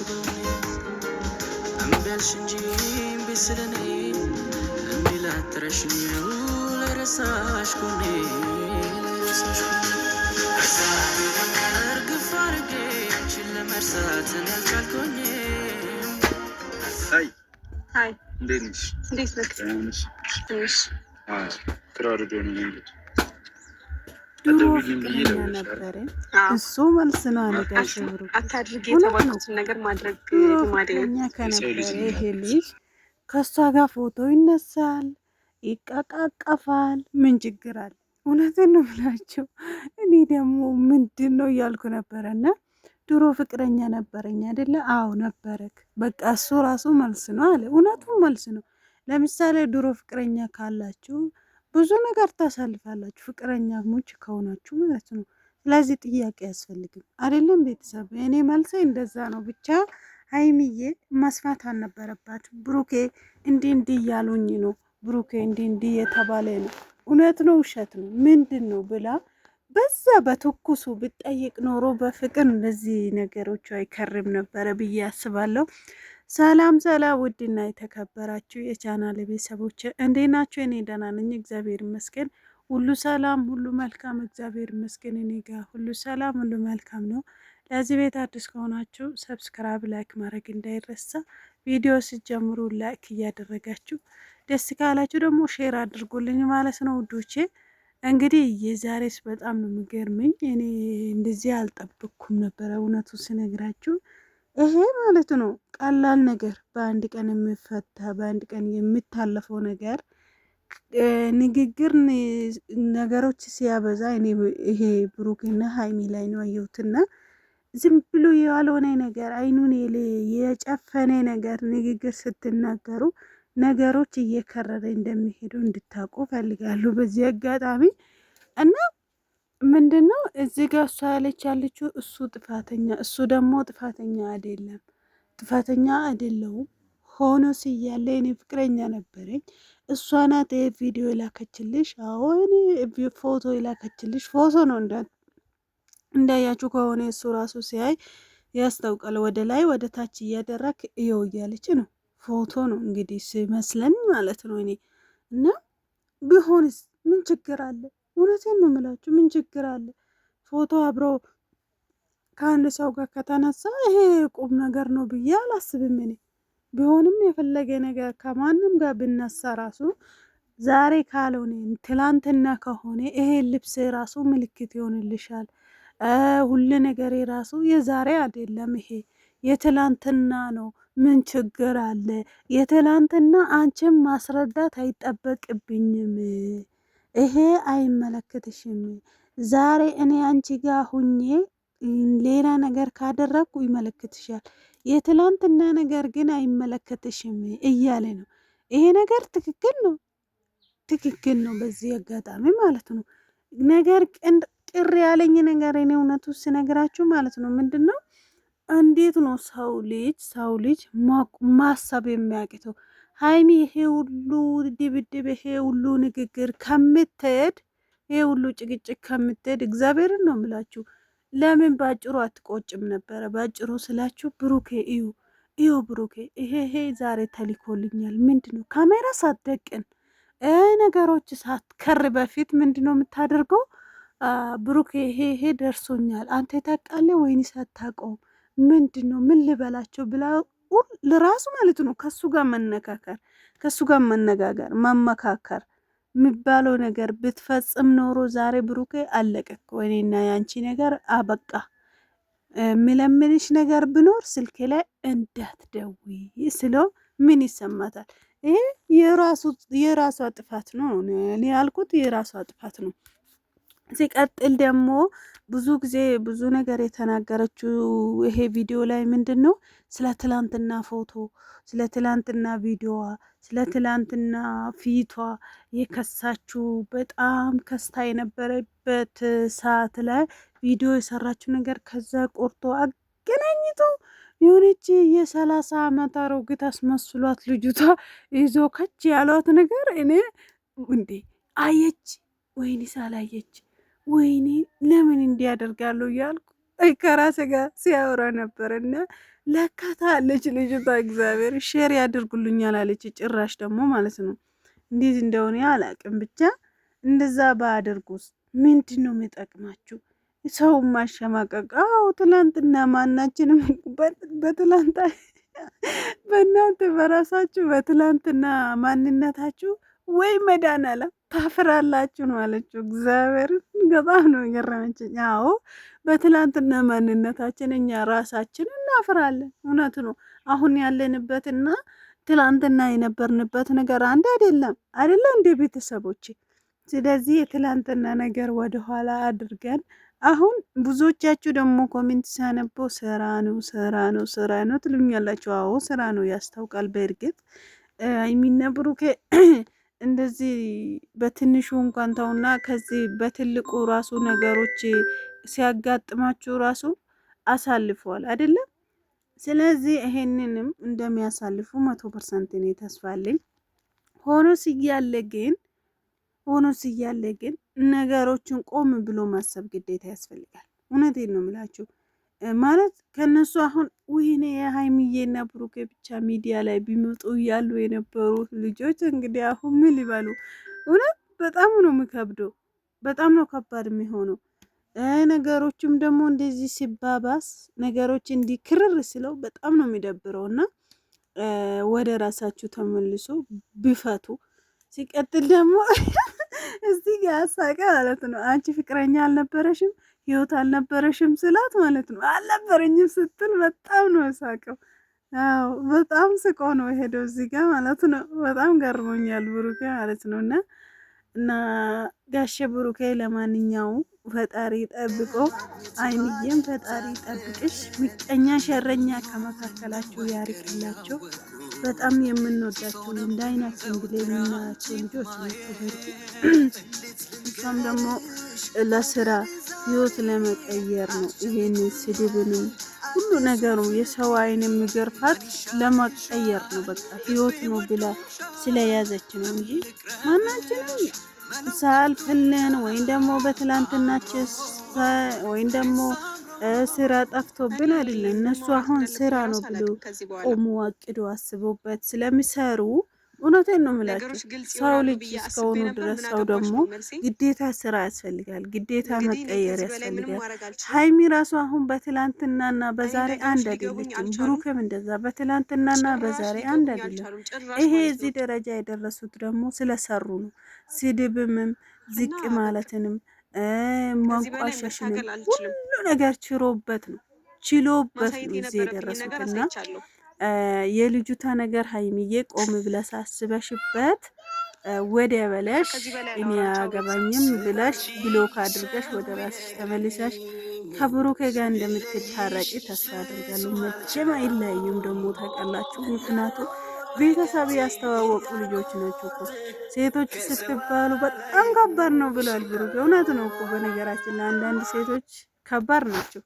ስለኔ እምቢያልሽ እንጂ እምቢ ስለኔ እንዲላትረሽኝ ለረሳሽ ኮኔ ለረሳሽ እርግፍ አርጌ አንቺን ለመርሳትን ያልቻልኩኝ አይ አይ እንዴት ነሽ? እንዴት ነሽ? ትንሽ ትራርዶ ነው እንግዲህ ድሮ ፍቅረኛ ነበርን። እሱ መልስ ነው አለጋሽ ብሩ ሁለት ነገር ማድረግ ድሮ ፍቅረኛ ከነበረ ይሄ ልጅ ከእሷ ጋር ፎቶ ይነሳል፣ ይቀቃቀፋል። ምን ችግር አለ? እውነትን ነው ብላችሁ እኔ ደግሞ ምንድን ነው እያልኩ ነበረና ድሮ ፍቅረኛ ነበረኝ አይደለ? አዎ ነበረክ። በቃ እሱ ራሱ መልስ ነው አለ። እውነቱም መልስ ነው። ለምሳሌ ድሮ ፍቅረኛ ካላችሁ ብዙ ነገር ታሳልፋላችሁ ፍቅረኛሞች ከሆናችሁ ማለት ነው። ስለዚህ ጥያቄ አያስፈልግም አይደለም ቤተሰብ። እኔ መልሴ እንደዛ ነው። ብቻ ሀይሚዬ መስፋት አልነበረባት። ብሩኬ እንዲህ እንዲህ እያሉኝ ነው፣ ብሩኬ እንዲህ እንዲህ የተባለ ነው፣ እውነት ነው ውሸት ነው ምንድን ነው ብላ በዛ በትኩሱ ብጠይቅ ኖሮ በፍቅር እንደዚህ ነገሮቹ አይከርም ነበረ ብዬ አስባለሁ። ሰላም ሰላም ውድና የተከበራችሁ የቻናል ቤተሰቦች እንዴ ናችሁ? እኔ ደህና ነኝ፣ እግዚአብሔር ይመስገን። ሁሉ ሰላም፣ ሁሉ መልካም፣ እግዚአብሔር ይመስገን። እኔ ጋር ሁሉ ሰላም፣ ሁሉ መልካም ነው። ለዚህ ቤት አዲስ ከሆናችሁ ሰብስክራይብ፣ ላይክ ማድረግ እንዳይረሳ። ቪዲዮ ስጀምሩ ላይክ እያደረጋችሁ ደስ ካላችሁ ደግሞ ሼር አድርጉልኝ ማለት ነው ውዶቼ። እንግዲህ የዛሬስ በጣም ነው የሚገርመኝ። እኔ እንደዚህ አልጠብኩም ነበረ እውነቱ ስነግራችሁ ይሄ ማለት ነው ቀላል ነገር በአንድ ቀን የሚፈታ በአንድ ቀን የሚታለፈው ነገር ንግግር ነገሮች ሲያበዛ ይሄ ብሩክና ሀይሚ ላይ ነው አየሁትና ዝም ብሎ የዋለሆነ ነገር አይኑን የጨፈነ ነገር ንግግር ስትናገሩ ነገሮች እየከረረ እንደሚሄዱ እንድታውቁ ፈልጋሉ በዚህ አጋጣሚ እና ምንድን ነው እዚህ ጋር እሷ ያለች ያለችው እሱ ጥፋተኛ እሱ ደግሞ ጥፋተኛ አይደለም፣ ጥፋተኛ አይደለውም። ሆኖ ስያለ እኔ ፍቅረኛ ነበረኝ እሷ ናት ቪዲዮ የላከችልሽ። አዎ እኔ ፎቶ የላከችልሽ ፎቶ ነው። እንዳያችሁ ከሆነ እሱ ራሱ ሲያይ ያስታውቃል። ወደ ላይ ወደ ታች እያደረክ እየው እያለች ነው። ፎቶ ነው እንግዲህ ሲመስለን ማለት ነው እኔ እና ቢሆንስ ምን ችግር አለ? እውነቴን ነው የምላችሁ። ምን ችግር አለ? ፎቶ አብሮ ከአንድ ሰው ጋር ከተነሳ ይሄ ቁም ነገር ነው ብዬ አላስብም እኔ። ቢሆንም የፈለገ ነገር ከማንም ጋር ብነሳ ራሱ ዛሬ ካልሆነ ትላንትና ከሆነ ይሄ ልብስ ራሱ ምልክት ይሆንልሻል። ሁሉ ነገር ራሱ የዛሬ አይደለም፣ ይሄ የትላንትና ነው። ምን ችግር አለ? የትላንትና አንቺም ማስረዳት አይጠበቅብኝም። ይሄ አይመለከትሽም፣ ዛሬ እኔ አንቺ ጋር ሁኜ ሌላ ነገር ካደረግኩ ይመለከትሻል፣ የትላንትና ነገር ግን አይመለከትሽም እያለ ነው። ይሄ ነገር ትክክል ነው፣ ትክክል ነው። በዚህ አጋጣሚ ማለት ነው ነገር ቅር ያለኝ ነገር እኔ እውነቱ ስነግራችሁ ማለት ነው ምንድን ነው እንዴት ነው ሰው ልጅ ሰው ልጅ ማሰብ የሚያቅተው? ሀይሚ ይሄ ሁሉ ድብድብ ይሄ ሁሉ ንግግር ከምትሄድ ይሄ ሁሉ ጭቅጭቅ ከምትሄድ እግዚአብሔርን ነው ምላችሁ። ለምን ባጭሩ አትቆጭም ነበረ? ባጭሩ ስላችሁ ብሩኬ እዩ እዩ ብሩኬ ይሄ ይሄ ዛሬ ተልኮልኛል። ምንድን ነው ካሜራ ሳትደቅን ነገሮች ሳትከር በፊት ምንድን ነው የምታደርገው? ብሩኬ ይሄ ይሄ ደርሶኛል፣ አንተ ታውቃለህ ወይኒ አታውቀውም? ምንድን ነው ምን ልበላቸው ብላ ለራሱ ማለት ነው ከሱ ጋር መነካከር ከሱ ጋር መነጋገር መመካከር የሚባለው ነገር ብትፈጽም ኖሮ ዛሬ ብሩኬ አለቀ እኮ እኔና ያንቺ ነገር አበቃ። ምለምንሽ ነገር ብኖር ስልክ ላይ እንዳትደውይ ስለው ምን ይሰማታል? ይሄ የራሷ ጥፋት ነው ያልኩት፣ የራሷ ጥፋት ነው። ሲቀጥል ደግሞ ብዙ ጊዜ ብዙ ነገር የተናገረችው ይሄ ቪዲዮ ላይ ምንድን ነው ስለ ትላንትና ፎቶ፣ ስለ ትላንትና ቪዲዮዋ፣ ስለ ትላንትና ፊቷ የከሳችው በጣም ከስታ የነበረበት ሰዓት ላይ ቪዲዮ የሰራችው ነገር ከዛ ቆርጦ አገናኝቶ የሆነች የሰላሳ አመት አሮጊት አስመስሏት ልጅቷ ይዞ ከች ያሏት ነገር እኔ እንዴ አየች ወይንስ አላየች? ወይኔ ለምን እንዲያደርጋሉ እያልኩ ከራሴ ጋር ሲያወራ ነበር እና ለካታ አለች ልጅቷ። እግዚአብሔር ሼር ያደርጉልኛል አለች። ጭራሽ ደግሞ ማለት ነው እንዴት እንደሆነ አላቅም። ብቻ እንደዛ ባያደርጉስ ምንድን ነው የሚጠቅማችሁ? ሰው ማሸማቀቅ። አዎ ትላንትና ማናችንም በትላንታ በእናንተ በራሳችሁ በትላንትና ማንነታችሁ ወይ መዳን አላ ታፍራላችሁ ነው አለችው። እግዚአብሔር በጣም ነው የገረመችኝ። አዎ በትላንትና ማንነታችን እኛ ራሳችን እናፍራለን። እውነት ነው። አሁን ያለንበትና ትላንትና የነበርንበት ነገር አንድ አይደለም። አይደለ እንደ ቤተሰቦች። ስለዚህ የትላንትና ነገር ወደኋላ አድርገን አሁን ብዙዎቻችሁ ደግሞ ኮሜንት ሲያነበው ስራ ነው ስራ ነው ስራ ነው ትሉኛላችሁ። አዎ ስራ ነው ያስታውቃል። በእርግጥ የሚነብሩ እንደዚህ በትንሹ እንኳን ተውና ከዚህ በትልቁ ራሱ ነገሮች ሲያጋጥማችሁ ራሱ አሳልፈዋል አይደለም። ስለዚህ ይሄንንም እንደሚያሳልፉ መቶ ፐርሰንት እኔ ሆኖ ስያለ ግን ሆኖ ስያለ ግን ነገሮችን ቆም ብሎ ማሰብ ግዴታ ያስፈልጋል። እውነቴን ነው የምላችሁ። ማለት ከነሱ አሁን ወይኔ የሀይሚዬና ብሩኬ ብቻ ሚዲያ ላይ ቢመጡ እያሉ የነበሩት ልጆች እንግዲህ አሁን ምን ይበሉ? እውነት በጣም ነው የሚከብደው፣ በጣም ነው ከባድ የሚሆነው። ነገሮቹም ደግሞ እንደዚህ ሲባባስ ነገሮች እንዲህ ክርር ስለው በጣም ነው የሚደብረው እና ወደ ራሳችሁ ተመልሶ ቢፈቱ። ሲቀጥል ደግሞ እዚህ ጋር ሳቀ ማለት ነው። አንቺ ፍቅረኛ አልነበረሽም ህይወት አልነበረሽም ስላት ማለት ነው አልነበረኝም ስትል በጣም ነው የሳቀው። አዎ በጣም ስቆ ነው የሄደው እዚህ ጋር ማለት ነው። በጣም ገርሞኛል ብሩኬ ማለት ነው። እና እና ጋሸ ብሩኬ ለማንኛው ፈጣሪ ጠብቆ አይንዬም ፈጣሪ ጠብቅሽ፣ ምቀኛ ሸረኛ ከመካከላችሁ ያርቅላቸው። በጣም የምንወዳቸው እንደ እንዳይናቸው እንግዲህ የምናያቸው ልጆች ናቸው። እሷም ደግሞ ለስራ ህይወት ለመቀየር ነው። ይሄን ስድብንም ሁሉ ነገሩ የሰው አይን የሚገርፋት ለመቀየር ነው። በቃ ህይወት ነው ብላ ስለያዘች ነው እንጂ ማናችንም ሳልፍልን ወይም ደግሞ በትላንትናችን ወይም ደግሞ ስራ ጠፍቶብን አይደለም። እነሱ አሁን ስራ ነው ብሎ ቆሙ አቅዶ አስቦበት ስለሚሰሩ እውነቴን ነው የምላቸው። ሰው ልጅ እስከሆኑ ድረስ ሰው ደግሞ ግዴታ ስራ ያስፈልጋል፣ ግዴታ መቀየር ያስፈልጋል። ሀይሚ ራሱ አሁን በትላንትናና በዛሬ አንድ አይደለችም። ብሩክም እንደዛ በትላንትናና በዛሬ አንድ አይደለም። ይሄ እዚህ ደረጃ የደረሱት ደግሞ ስለሰሩ ነው። ስድብምም ዝቅ ማለትንም ማንቋሸሽንም ሁሉ ነገር ችሮበት ነው ችሎበት ነው እዚህ የደረሱትና የልጅቷ ነገር ሀይሚዬ ቆም ብለሽ አስበሽበት ወዲያ በለሽ እኔ አያገባኝም ብለሽ ብሎክ አድርገሽ ወደ ራስሽ ተመልሰሽ ከብሩኬ ጋር እንደምትታረቂ ተስፋ አድርጋለሁ። መቼም አይለያዩም ደግሞ ታውቃላችሁ። ምክንያቱ ቤተሰብ ያስተዋወቁ ልጆች ናቸው እኮ ሴቶች ስትባሉ በጣም ከባድ ነው ብሏል ብሩኬ። እውነት ነው እኮ በነገራችን ለአንዳንድ ሴቶች ከባድ ናቸው።